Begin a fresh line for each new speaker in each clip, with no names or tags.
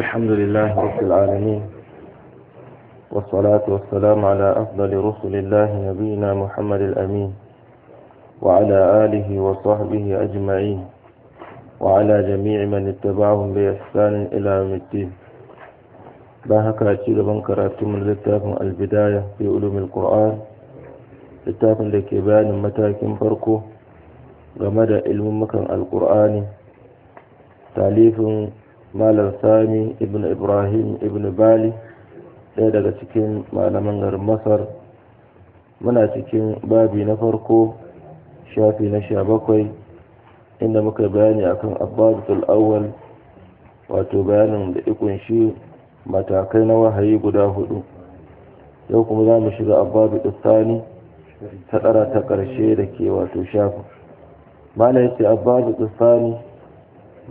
الحمد لله رب العالمين والصلاة والسلام على أفضل رسل الله نبينا محمد الأمين وعلى آله وصحبه أجمعين وعلى جميع من اتبعهم بإحسان إلى يوم الدين باهك أشيد من كراتم من لتاف البداية في علوم القرآن لتاف لكبان متاكم فرقه game da ilmummukan alkur'ani talifin malam sami ibn ibrahim ibn bali ɗaya daga cikin malaman garin masar muna cikin babi na farko shafi na sha bakwai inda muka bayani akan abbasul awwal wato bayanin da ikon shi matakai na wahayi guda hudu yau kuma za mu shiga abbasul tsani ta tsara ta ƙarshe da ke wato shafi mala yace abbasul tsani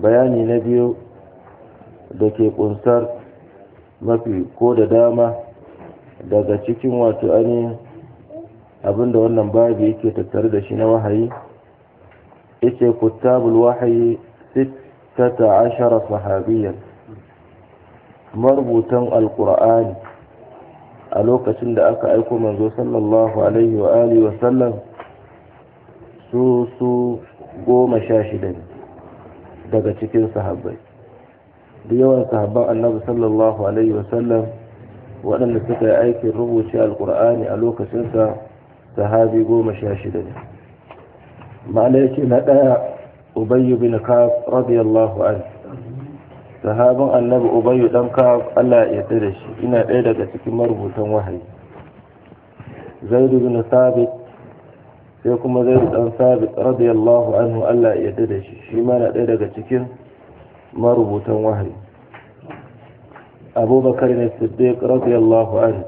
bayani na biyu da ke kunsar mafi ko da dama daga cikin wato ainihin abinda wannan babu yake tattare da shi na wahayi yace kuttabul wahayi sittata ashara sahabiyan marubutan alqur'ani a lokacin da aka aiko manzo sallallahu alaihi wa alihi wa sallam su su goma sha shida daga cikin sahabbai da yawan sahabban annabi sallallahu alaihi wasallam waɗanda suka yi aikin rubuce alkur'ani a lokacinsa sahabi goma sha shida ne ma'ana ce na ɗaya ubayyu bin kaf radiyallahu an sahabin annabi ubayyu dan kaf allah ya yarda da shi ina ɗaya daga cikin marubutan wahayi zaidu bin sabit sai kuma zaidu dan sabit radiyallahu anhu allah ya yarda da shi shi ma na ɗaya daga cikin marubutan wahayi abubakar ne siddiq radiyallahu anhu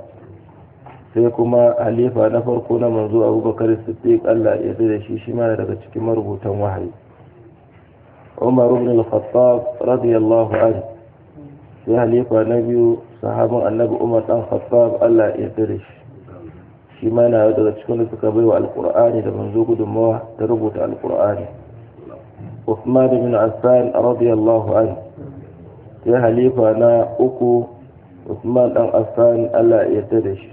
sai kuma halifa na farko na manzo abubakar siddiq Allah ya da shi shi ma daga cikin marubutan wahayi umar ibn al-khattab radiyallahu anhu sai halifa na biyu sahabin annabi umar dan khattab Allah ya da shi shi ma na daga cikin da suka baiwa alqur'ani da manzo gudunmawa ta rubuta alqur'ani Uthman bin Affan radiyallahu an sai halifa na uku Uthman dan Affan Allah ya yarda da shi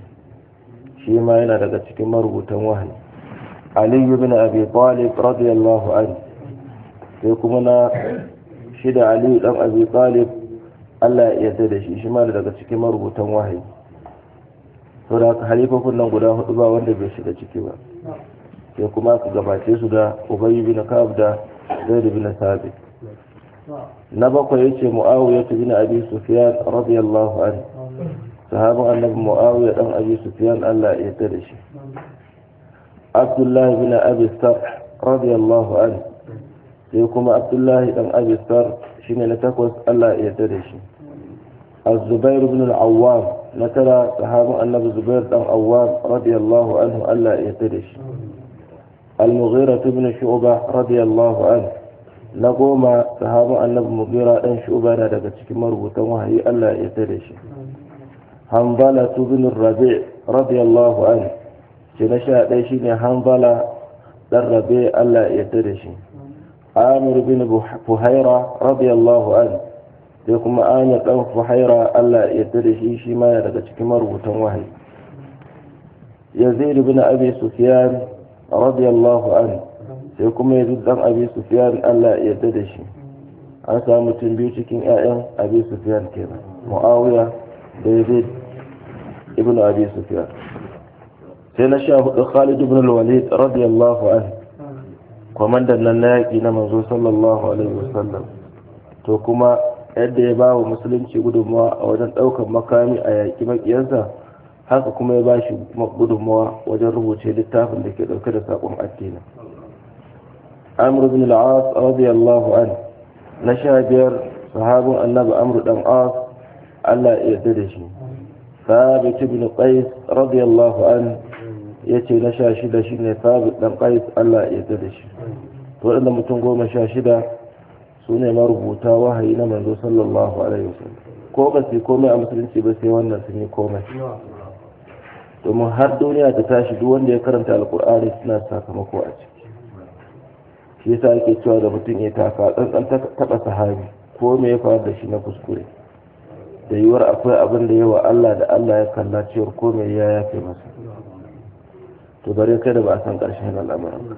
shi ma yana daga cikin marubutan wahayi Ali bin Abi Talib radiyallahu anhu sai kuma na shida Ali dan Abi Talib Allah ya yarda da shi shi ma daga cikin marubutan wahayi saboda kun nan guda hudu ba wanda bai shiga ciki ba sai kuma ka gabace su da Ubay bin Ka'ab da zaid bin sabit na bakwai yace muawiya bin abi sufyan radiyallahu anhu sahabin annabi muawiya dan abi sufyan Allah ya yarda da shi abdullahi bin abi sarh radiyallahu anhu sai kuma abdullahi dan abi sarh shine na takwas Allah ya yarda da shi الزبير بن العوام نترى صحابة النبي الزبير بن العوام رضي الله عنه ألا يترش المغيرة بن شعبة رضي الله عنه نقوم صحابة النبي مغيرة أن شعبة لدك تكمر وتوهي ألا يتدش حنظلة بن الربيع رضي الله عنه شنشا ليشين حنظلة للربيع ألا يتدش عامر بن فهيرة رضي الله عنه تكم آمر بن فهيرة ألا يتدش شما لدك تكمر وتوهي يزيد بن أبي سفيان radiyallahu anhu sai kuma yanzu dan abi sufyan Allah ya yarda da shi an samu mutum biyu cikin ƴaƴan abi sufyan kenan muawiya da ibn abi sufyan sai na sha hudu khalid ibn al-walid radiyallahu anhu kwamandan nan na yaƙi na manzo sallallahu alaihi wasallam to kuma yadda ya ba wa musulunci gudunmawa a wajen ɗaukar makami a yaƙi maƙiyarsa haka kuma ya ba shi gudunmawa wajen rubuce littafin da ke ɗauke da saƙon addini Amur bin al-as radiyallahu an na sha biyar sahabin annabi Amur dan as Allah ya yarda da shi sabit ibn qais radiyallahu an ce na sha shida shine sabit dan qais Allah ya yarda da shi to waɗanda mutum goma sha shida su ne marubuta wahayi na manzo sallallahu alaihi wasallam ko ba su komai a musulunci ba sai wannan sun yi komai domin har duniya ta tashi duk wanda ya karanta alkur'ani suna sakamako a ciki shi yasa ake cewa da mutum ya taka tsantsan taba sahabi ko me ya faru da shi na kuskure da yiwuwar akwai abin da yawa Allah da Allah ya kalla cewar ko me ya yafe masa to bare kai da ba a san karshen al'amarin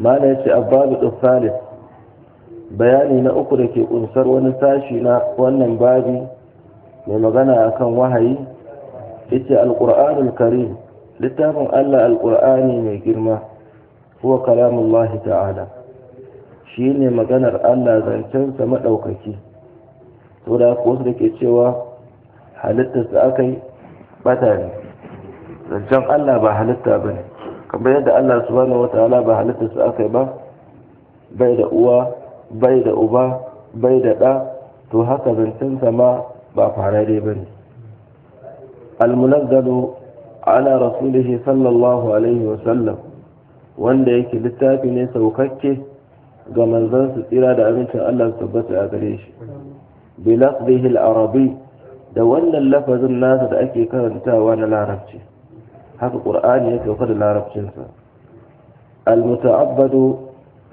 mana yace abbabu tsalis bayani na uku da ke kunsar wani sashi na wannan babi mai magana akan wahayi yace alqur'anul karim littafin Allah alqur'ani mai girma huwa kalamullah ta'ala shine maganar Allah zancen sa madaukaki to da ko su dake cewa halitta su akai bata ne zancen Allah ba halitta bane kamar yadda Allah subhanahu wataala ba halitta su akai ba bai da uwa bai da uba bai da ɗa to haka zancen sa ma ba farare bane المنزل على رسوله صلى الله عليه وسلم wanda yake littafi ne saukakke ga manzansu tsira da abincin Allah su tabbata a gare shi bilafdihi al-arabi da wannan lafazin nasa da ake karantawa na larabci haka qur'ani ya sauka da larabcinsa al-muta'abbadu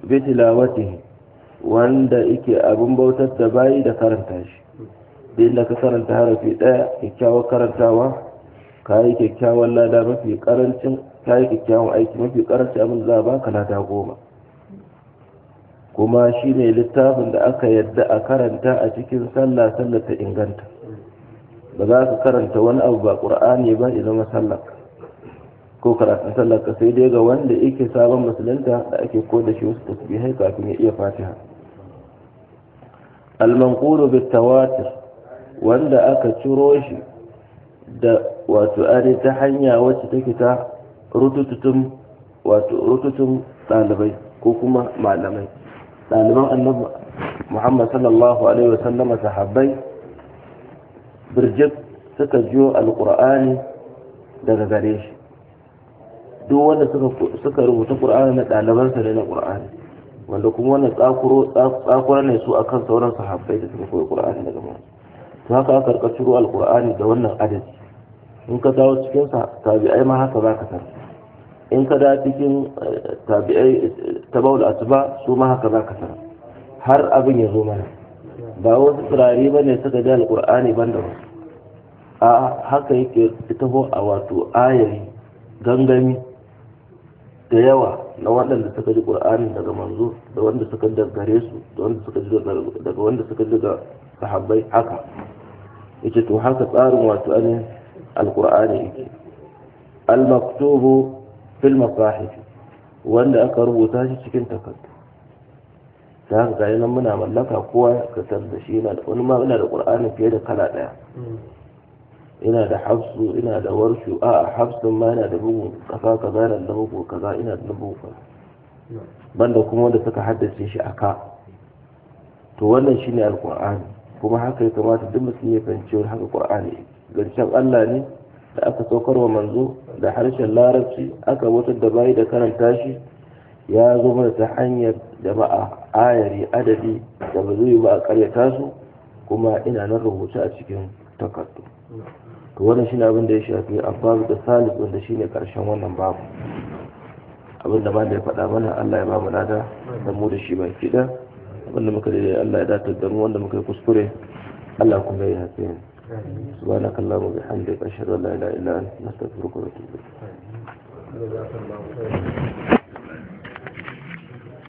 bi tilawatihi wanda yake abin bautar da bayi da karanta shi da inda ka karanta harafi ɗaya kyakkyawar karantawa ka yi kyakkyawan lada mafi karancin ka yi kyakkyawan aiki mafi karancin abin da za a baka lada goma kuma shi ne littafin da aka yadda a karanta a cikin sallah sallah ta inganta ba za ka karanta wani abu ba ƙur'ani ba ya zama sallah ko karatun sallah ka sai dai ga wanda yake sabon musulunta da ake ko da shi wasu tasbihai kafin ya iya fatiha al-manqulu bit-tawatir wanda aka ciro shi da wato ari ta hanya wacce take ta rututun wato rututun ɗalibai ko kuma malamai ɗaliban annabi muhammad sallallahu alaihi wa wasallama sahabbai birjik suka jiyo alkur'ani daga gare shi duk wanda suka rubuta ƙur'ani na daliban ne na ƙur'ani wanda kuma wannan tsakuro ne su akan sauran sahabbai da suka koyi ƙur'ani daga mu ta haka aka shiru ciro alkur'ani da wannan adadi in ka dawo cikin tabi'ai ma haka zaka san in ka dawo cikin eh, tabi'ai eh, tabaul asba su ma haka zaka san har abin ya zo mana ba wasu turare ba ne suka ji alkur'ani ban da wasu a haka yake taho a wato ayari gangami da yawa na waɗanda suka ji ƙur'ani daga manzo da wanda suka ji su da wanda suka ji daga wanda suka ji daga sahabbai haka yace to haka tsarin wato anin alqur'ani yake al-maktubu fil masahif wanda aka rubuta shi cikin takardu ta haka ga nan muna mallaka kowa ka tar da shi na da wani ma ina da ƙur'ani fiye da kala ɗaya hmm. ina da hafsu ina da warshu a hafsun ma ina da bugun kaza kaza ina da bugun kaza ina da bugun kaza banda kuma wanda suka haddace shi aka to wannan shine alqur'ani kuma haka ya kamata duk mutum ya fahimci wani haka qur'ani gancen Allah ne da aka saukar wa manzo da harshen larabci aka wutar da bayi da karanta shi ya zo mana ta hanyar jama'a ayari adadi da ba zai ba a karyata su kuma ina nan rubuce a cikin takardu to wannan shine abin da ya shafi abbabu da salif wanda shine karshen wannan babu abin da malai ya faɗa mana Allah ya ba mu lada da mu da shi ba da wanda muka da Allah ya datar da mu wanda muka kuskure Allah kuma ya hafi mu subhanaka allahumma bihamdika ashhadu an la ilaha illa anta astaghfiruka wa atubu ilayk